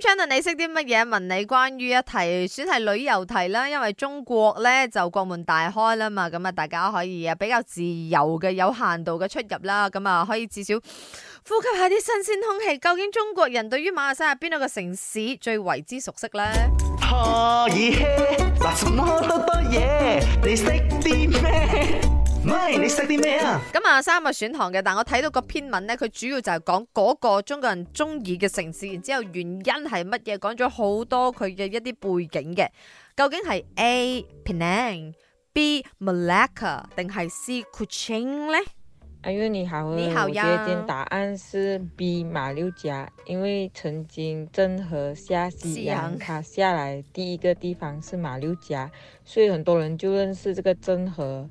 c h a n e r 你識啲乜嘢？問你關於一題，算係旅遊題啦。因為中國咧，就國門大開啦嘛，咁啊大家可以啊比較自由嘅有限度嘅出入啦。咁啊可以至少呼吸下啲新鮮空氣。究竟中國人對於馬來西亞邊一個城市最為之熟悉咧？咪你識啲咩啊？咁啊，三個選項嘅，但我睇到個篇文咧，佢主要就係講嗰個中國人中意嘅城市，然之後原因係乜嘢，講咗好多佢嘅一啲背景嘅。究竟係 A Penang、B Malacca 定係 C Kuching 咧？阿月你好，你好呀。我決定答案是 B 馬六甲，因為曾經鄭和下西洋，他下來第一個地方是馬六甲，所以很多人就認識這個鄭和。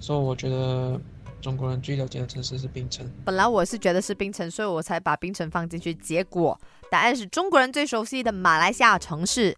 所以、so, 我覺得中國人最了解的城市是檳城。本來我是覺得是檳城，所以我才把檳城放進去。結果答案是中國人最熟悉的馬來西亞城市。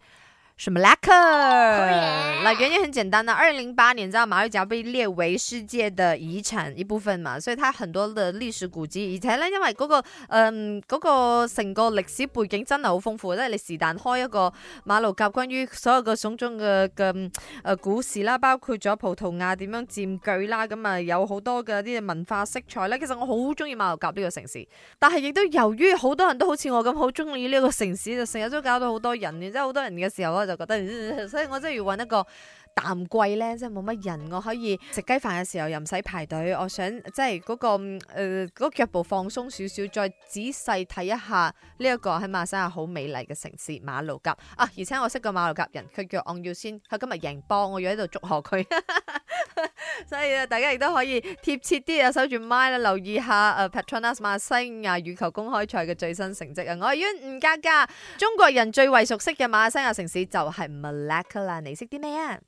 什麼 lacquer 原因很簡單的，二零零八年，之後，道馬六甲被列為世界的遺產一部分嘛？所以它很多的歷史古蹟，而且呢，因為嗰、嗰個，嗯嗰個成個歷史背景真係好豐富，即、就、係、是、你是但開一個馬六甲關於所有嘅種種嘅嘅誒故事啦，包括咗葡萄牙點樣占據啦，咁、嗯、啊有好多嘅啲文化色彩呢。其實我好中意馬六甲呢個城市，但係亦都由於好多人都好似我咁好中意呢個城市，就成日都搞到好多人，然之後好多人嘅時候就覺得、呃，所以我真係要揾一個淡季呢，即係冇乜人，我可以食雞飯嘅時候又唔使排隊。我想即係嗰、那個誒，腳、呃、步放鬆少少，再仔細睇一下呢一個喺馬來西亞好美麗嘅城市馬六甲啊！而且我識一個馬六甲人，佢叫昂耀先，佢今日贏波，我要喺度祝賀佢。 所以大家亦都可以貼切啲啊，守住麥啦，留意下誒 Petronas 馬來西亞羽球公開賽嘅最新成績啊！我係唔加家，中國人最為熟悉嘅馬來西亞城市就係 Melaka 啦，你識啲咩啊？